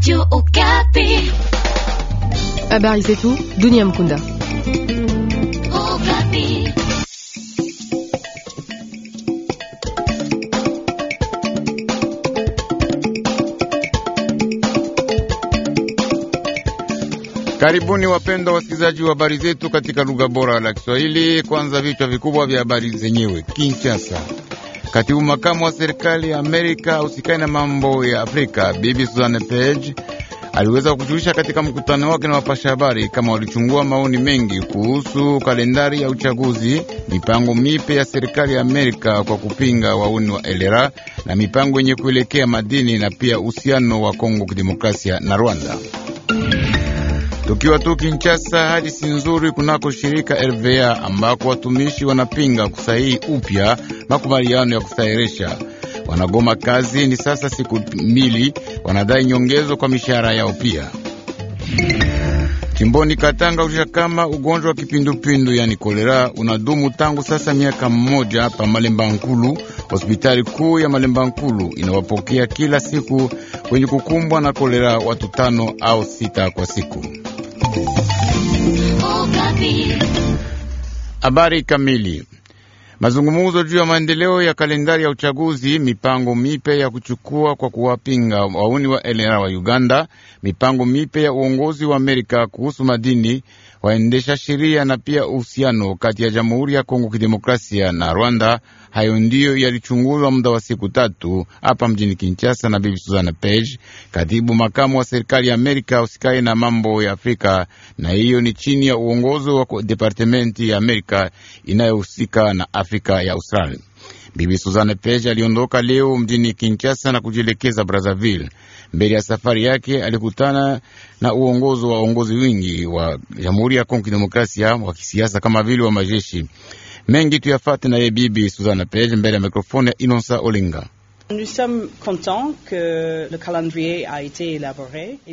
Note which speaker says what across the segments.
Speaker 1: Radio Okapi.
Speaker 2: Habari zetu dunia mkunda.
Speaker 1: Okapi.
Speaker 3: Karibuni wapendwa wasikilizaji wa habari zetu katika lugha bora la Kiswahili. Kwanza vichwa vikubwa vya habari zenyewe. Kinshasa Katibu makamu wa serikali ya Amerika usikani na mambo ya Afrika, Bibi Susan Page aliweza kujulisha katika mkutano wake na wapasha habari kama walichungua maoni mengi kuhusu kalendari ya uchaguzi, mipango mipya ya serikali ya Amerika kwa kupinga wauni wa elera na mipango yenye kuelekea madini na pia uhusiano wa Kongo kidemokrasia na Rwanda. Tukiwa tu Kinshasa, hali si nzuri kunako shirika RVA ambako watumishi wanapinga kusahihi upya makubaliano ya kusahiresha. Wanagoma kazi ni sasa siku mbili, wanadai nyongezo kwa mishahara yao. Pia jimboni Katanga ulisha kama ugonjwa wa kipindupindu yani kolera unadumu tangu sasa miaka mmoja hapa Malemba Nkulu. Hospitali kuu ya Malemba Nkulu inawapokea kila siku wenye kukumbwa na kolera watu tano au sita kwa siku. Habari kamili. Mazungumzo juu ya maendeleo ya kalendari ya uchaguzi, mipango mipya ya kuchukua kwa kuwapinga wauni wa LRA wa Uganda, mipango mipya ya uongozi wa Amerika kuhusu madini waendesha sheria na pia uhusiano kati ya Jamhuri ya Kongo Kidemokrasia na Rwanda. Hayo ndiyo yalichunguzwa muda wa siku tatu hapa mjini Kinshasa na Bibi Susana Page, katibu makamu wa serikali ya Amerika usikai na mambo ya Afrika, na hiyo ni chini ya uongozo wa departementi ya Amerika inayohusika na Afrika ya Australia. Bibi Suzanne Page aliondoka leo mjini Kinshasa na kujielekeza Brazzaville. Mbele ya safari yake alikutana na uongozi wa uongozi wingi wa Jamhuri ya Kongo Kidemokrasia wa kisiasa kama vile wa majeshi mengi. Tuyafate naye Bibi Suzanne Page mbele ya mikrofoni ya Inosa Olinga.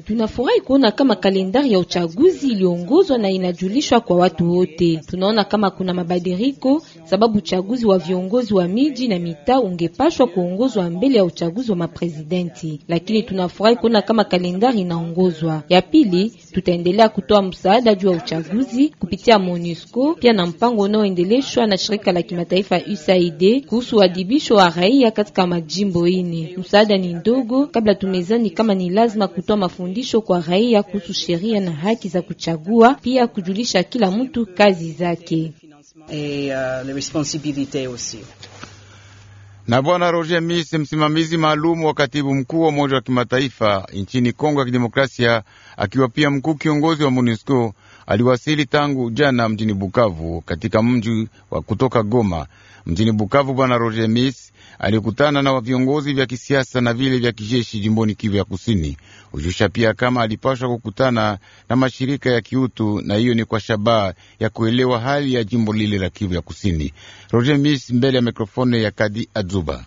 Speaker 1: Tunafurahi kuona kama kalendari ya uchaguzi iliongozwa na inajulishwa kwa watu wote. Tunaona kama kuna mabadiriko, sababu uchaguzi wa viongozi wa miji na mitaa ungepashwa kuongozwa mbele ya uchaguzi wa maprezidenti lakini tunafurahi kuona kama kalendari inaongozwa. Ya pili Tutaendelea kutoa msaada juu ya uchaguzi kupitia MONUSCO pia na mpango unaoendeleshwa na shirika la kimataifa USAID kuhusu uadhibisho wa raia katika majimbo ine. Msaada ni ndogo, kabla tumezani kama ni lazima kutoa mafundisho kwa raia kuhusu sheria na haki za kuchagua, pia kujulisha kila mtu kazi zake. Et, uh, les responsabilités aussi
Speaker 3: na Bwana Roger Miss, msimamizi maalumu wa katibu mkuu wa Umoja wa Kimataifa nchini Kongo ya Kidemokrasia, akiwa pia mkuu kiongozi wa MONUSCO aliwasili tangu jana mjini Bukavu katika mji wa kutoka Goma mjini Bukavu, Bwana Roger Miss alikutana na viongozi vya kisiasa na vile vya kijeshi jimboni Kivu ya Kusini. Hujusha pia kama alipashwa kukutana na mashirika ya kiutu, na hiyo ni kwa shabaha ya kuelewa hali ya jimbo lile la Kivu ya Kusini. Roger Miss mbele ya mikrofone ya Kadi Adzuba.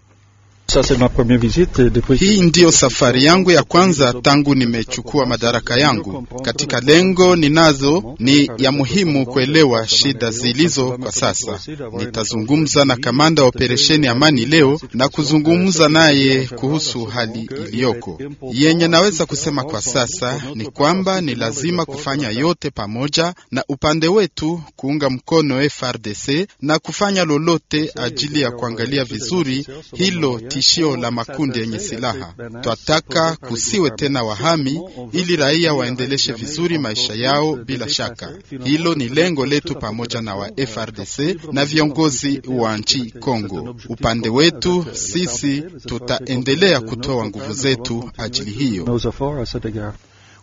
Speaker 2: Hii ndiyo safari yangu ya kwanza
Speaker 3: tangu nimechukua madaraka yangu. Katika lengo ninazo ni ya muhimu kuelewa shida zilizo kwa sasa. Nitazungumza na kamanda wa operesheni Amani leo na kuzungumza naye kuhusu hali iliyoko. Yenye naweza kusema kwa sasa ni kwamba ni lazima kufanya yote pamoja na upande wetu kuunga mkono FRDC na kufanya lolote ajili ya kuangalia vizuri hilo tishio la makundi yenye silaha. Twataka kusiwe tena wahami, ili raia waendeleshe vizuri maisha yao bila shaka. Hilo ni lengo letu pamoja na wa FRDC na viongozi wa nchi Kongo. Upande wetu sisi tutaendelea kutoa nguvu zetu ajili hiyo.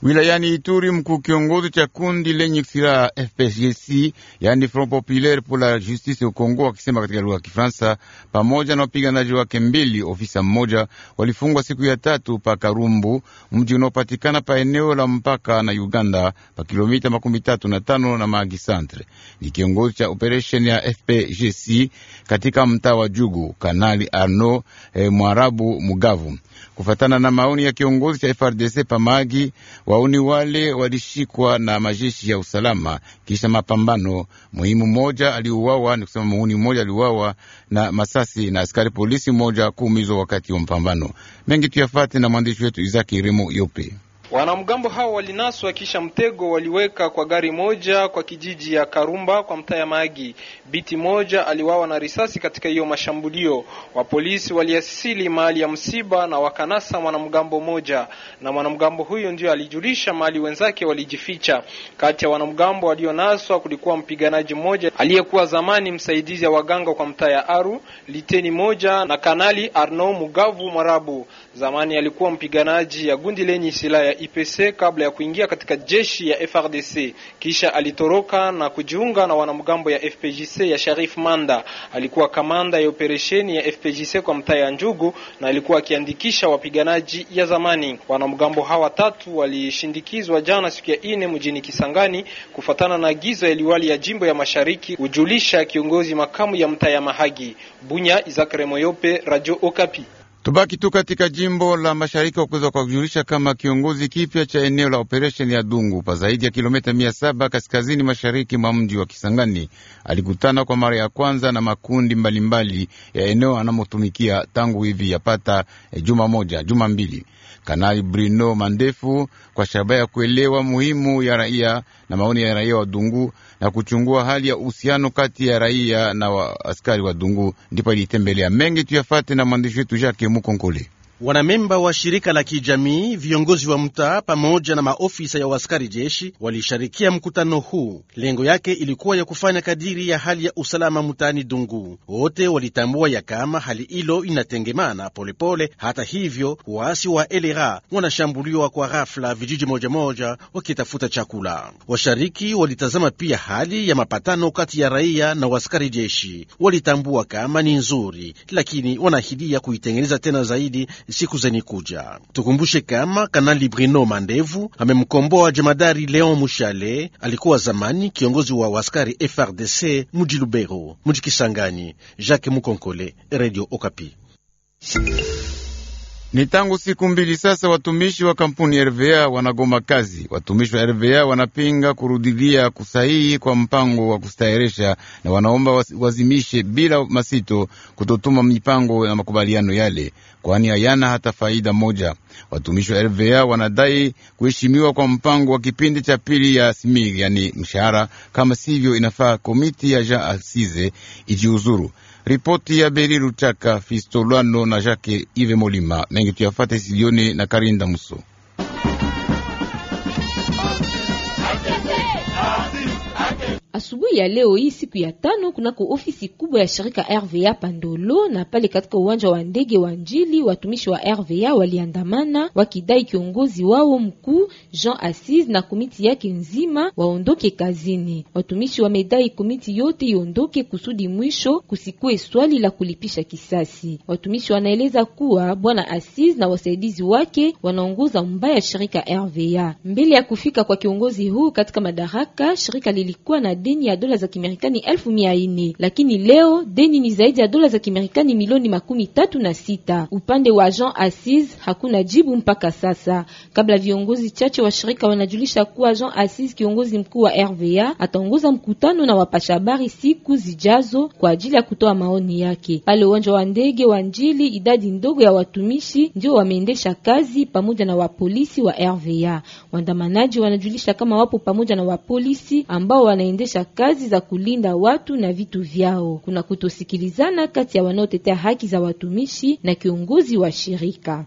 Speaker 3: Wilayani Ituri, mkuu kiongozi cha kundi lenye silaha fpgc yani Front Populaire pour la Justice au Congo, akisema katika lugha ya Kifaransa, pamoja na wapiganaji wake mbili, ofisa mmoja, walifungwa siku ya tatu pa Karumbu, mji unaopatikana pa eneo la mpaka na Uganda, pa kilomita makumi tatu na tano na Magi Centre. Ni kiongozi cha operesheni ya fpgc katika mtaa wa Jugu, Kanali arnaud eh, Mwarabu Mugavu Kufatana na maoni ya kiongozi cha FRDC Pamagi, wauni wale walishikwa na majeshi ya usalama kisha mapambano. Muhimu mmoja aliuawa, ni kusema muhuni mmoja aliuawa na masasi na askari polisi mmoja kuumizwa wakati wa mapambano. Mengi tuyafate na mwandishi wetu Izaki Remo Yope.
Speaker 2: Wanamgambo hao walinaswa kisha mtego waliweka kwa gari moja kwa kijiji ya Karumba kwa mtaa ya Magi. Biti moja aliwawa na risasi katika hiyo mashambulio. Wapolisi waliasili mahali ya msiba na wakanasa mwanamgambo moja, na mwanamgambo huyo ndio alijulisha mahali wenzake walijificha. Kati ya wanamgambo walionaswa kulikuwa mpiganaji mmoja aliyekuwa zamani msaidizi wa waganga kwa mtaa ya Aru, liteni moja na kanali Arno Mugavu Mwarabu, zamani alikuwa mpiganaji ya gundi lenye silaha IPC kabla ya kuingia katika jeshi ya FRDC. Kisha alitoroka na kujiunga na wanamgambo ya FPJC ya Sharif Manda. Alikuwa kamanda ya operesheni ya FPJC kwa mtaa ya Njugu na alikuwa akiandikisha wapiganaji ya zamani. Wanamgambo hawa tatu walishindikizwa jana siku ya ine mjini Kisangani kufatana na agizo ya liwali ya jimbo ya Mashariki hujulisha kiongozi makamu ya mtaa ya Mahagi. Bunya, Izakare Moyope, Radio Okapi.
Speaker 3: Tubaki tu katika jimbo la mashariki wakuweza kujulisha kama kiongozi kipya cha eneo la operesheni ya Dungu pa zaidi ya kilomita mia saba kaskazini mashariki mwa mji wa Kisangani alikutana kwa mara ya kwanza na makundi mbalimbali mbali ya eneo anamotumikia tangu hivi yapata eh, juma moja juma mbili. Kanali Bruno Mandefu kwa shabaha ya kuelewa muhimu ya raia na maoni ya raia wa Dungu na kuchungua hali ya uhusiano kati ya raia na wa askari wa Dungu, ndipo ilitembelea mengi tuyafate na mwandishi wetu Jacques Mukonkole.
Speaker 2: Wanamemba wa shirika la kijamii, viongozi wa mtaa pamoja na maofisa ya waskari jeshi walishirikia mkutano huu. Lengo yake ilikuwa ya kufanya kadiri ya hali ya usalama mtaani Dungu. Wote walitambua ya kama hali hilo inatengemana polepole. Hata hivyo, waasi wa LRA wanashambuliwa kwa ghafla vijiji moja moja wakitafuta chakula. Washariki walitazama pia hali ya mapatano kati ya raia na waskari jeshi. Walitambua kama ni nzuri, lakini wanahidia kuitengeneza tena zaidi siku zenye kuja. Tukumbushe kama Kanali Brino Mandevu amemkomboa jemadari Leon Mushale, alikuwa zamani kiongozi wa waskari FRDC muji Lubero, muji Kisangani. Jacques Mukonkole, Radio
Speaker 3: Okapi. Ni tangu siku mbili sasa watumishi wa kampuni RVA wanagoma kazi. Watumishi wa RVA wanapinga kurudilia kusahihi kwa mpango wa kustahiresha na wanaomba wazimishe bila masito kutotuma mipango na makubaliano yale, kwani hayana hata faida moja. Watumishi wa rva wanadai kuheshimiwa kwa mpango wa kipindi cha pili ya smig yani mshahara. Kama sivyo, inafaa komiti ya Jean Asize ijiuzuru. Ripoti ya Beri Ruchaka, Fistolano na jacke Ive Molima mengi tuyafate sidioni na Karinda Muso.
Speaker 1: Asubuhi ya leo hii siku ya tano, kunako ofisi kubwa ya shirika RVA Pandolo na pale katika uwanja wa ndege wa Njili, watumishi wa RVA waliandamana wakidai kiongozi wao mkuu Jean Assis na komiti yake nzima waondoke kazini. Watumishi wamedai komiti yote iondoke kusudi mwisho kusikue swali la kulipisha kisasi. Watumishi wanaeleza kuwa bwana Assis na wasaidizi wake wanaongoza mbaya shirika RVA. Mbele ya kufika kwa kiongozi huu katika madaraka, shirika lilikuwa na deni ya dola za Kimarekani elfu mia ine lakini leo deni ni zaidi ya dola za Kimarekani milioni makumi tatu na sita. Upande wa Jean Assis hakuna jibu mpaka sasa, kabla viongozi chache wa shirika wanajulisha kuwa Jean Assis, kiongozi mkuu wa RVA, ataongoza mkutano na wapasha habari siku zijazo kwa ajili ya kutoa maoni yake. Pale uwanja wa ndege wa Njili, idadi ndogo ya watumishi ndio wameendesha kazi pamoja na wapolisi wa RVA. Waandamanaji wanajulisha kama wapo pamoja na wapolisi ambao wanaendesha kuendesha kazi za kulinda watu na vitu vyao. Kuna kutosikilizana kati ya wanaotetea haki za watumishi na kiongozi wa shirika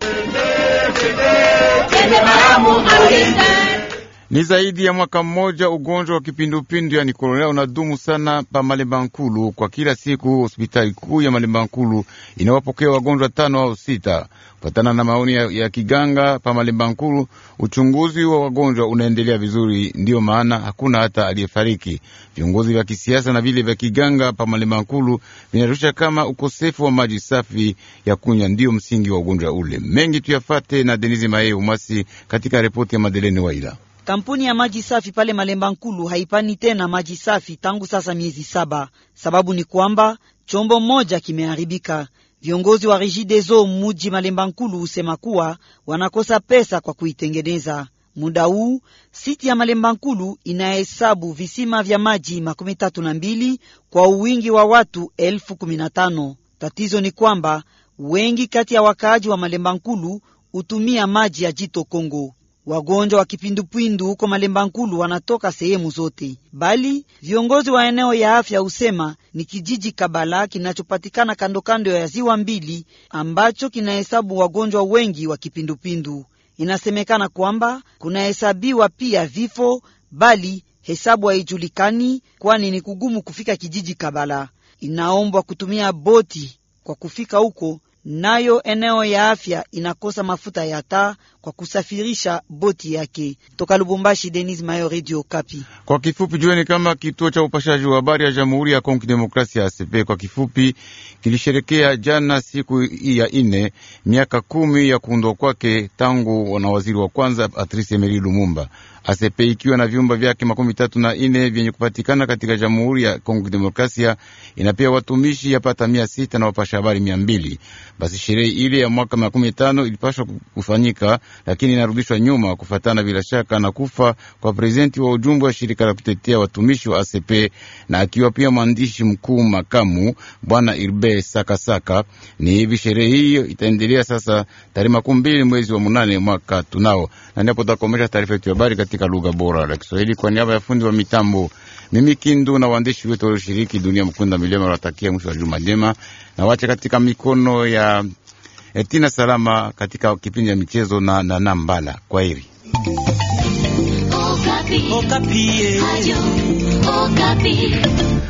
Speaker 3: ni zaidi ya mwaka mmoja ugonjwa wa kipindupindu yani kolera unadumu sana pa Malemba Nkulu. Kwa kila siku hospitali kuu ya Malemba Nkulu inawapokea wagonjwa tano au sita. Kufatana na maoni ya, ya kiganga pa Malemba Nkulu, uchunguzi wa wagonjwa unaendelea vizuri, ndiyo maana hakuna hata aliyefariki. Viongozi vya kisiasa na vile vya kiganga pa Malemba Nkulu vinarusha kama ukosefu wa maji safi ya kunywa ndiyo msingi wa ugonjwa ule. Mengi tuyafate na denisi Mae Umasi katika ripoti ya Madeleni Waila.
Speaker 4: Kampuni ya maji safi pale Malemba Nkulu haipani tena maji safi tangu sasa miezi saba. Sababu ni kwamba chombo moja kimeharibika. Viongozi wa Regideso muji Malemba Nkulu husema kuwa wanakosa pesa kwa kuitengeneza. Muda huu siti ya Malemba Nkulu inahesabu visima vya maji makumi tatu na mbili kwa uwingi wa watu elfu kumi na tano. Tatizo ni kwamba wengi kati ya wakaaji wa Malemba Nkulu hutumia maji ya jito Kongo. Wagonjwa wa kipindupindu huko Malemba Nkulu wanatoka sehemu zote, bali viongozi wa eneo ya afya husema ni kijiji Kabala kinachopatikana kandokando ya ziwa mbili ambacho kinahesabu wagonjwa wengi wa kipindupindu. Inasemekana kwamba kunahesabiwa pia vifo, bali hesabu haijulikani, kwani ni kugumu kufika kijiji Kabala. Inaombwa kutumia boti kwa kufika huko, nayo eneo ya afya inakosa mafuta ya taa kwa kusafirisha boti yake toka Lubumbashi. Denis Mayo, Radio Kapi.
Speaker 3: Kwa kifupi, jueni kama kituo cha upashaji wa habari ya Jamhuri ya Kongo Demokrasia ya kwa kifupi kilisherekea jana siku ya ine miaka kumi ya kuundwa kwake tangu na waziri wa kwanza Patrice Emery Lumumba. ACP ikiwa na vyumba vyake makumi tatu na ine vyenye kupatikana katika Jamhuri ya Kongo Demokrasia inapea watumishi yapata mia sita na wapasha habari mia mbili. Basi sherehe ile ya mwaka makumi tano ilipashwa kufanyika lakini inarudishwa nyuma kufuatana bila shaka na kufa kwa prezidenti wa ujumbe wa shirika la kutetea watumishi wa ACP na akiwa pia mwandishi mkuu makamu bwana Irbe Sakasaka. Ni hivi sherehe hiyo itaendelea sasa tarehe makumi mbili mwezi wa munane mwaka tunao, na ndipo tutakomesha taarifa yetu ya habari katika lugha bora la Kiswahili. Kwa niaba ya fundi wa mitambo, mimi Kindu na waandishi wetu walioshiriki, Dunia Mkunda Milema, wanatakia mwisho wa juma jema na wache katika mikono ya Etina eh, Salama katika kipindi cha michezo na Nana Mbala. Kwaheri.
Speaker 4: Okapi. Okapi. Eh.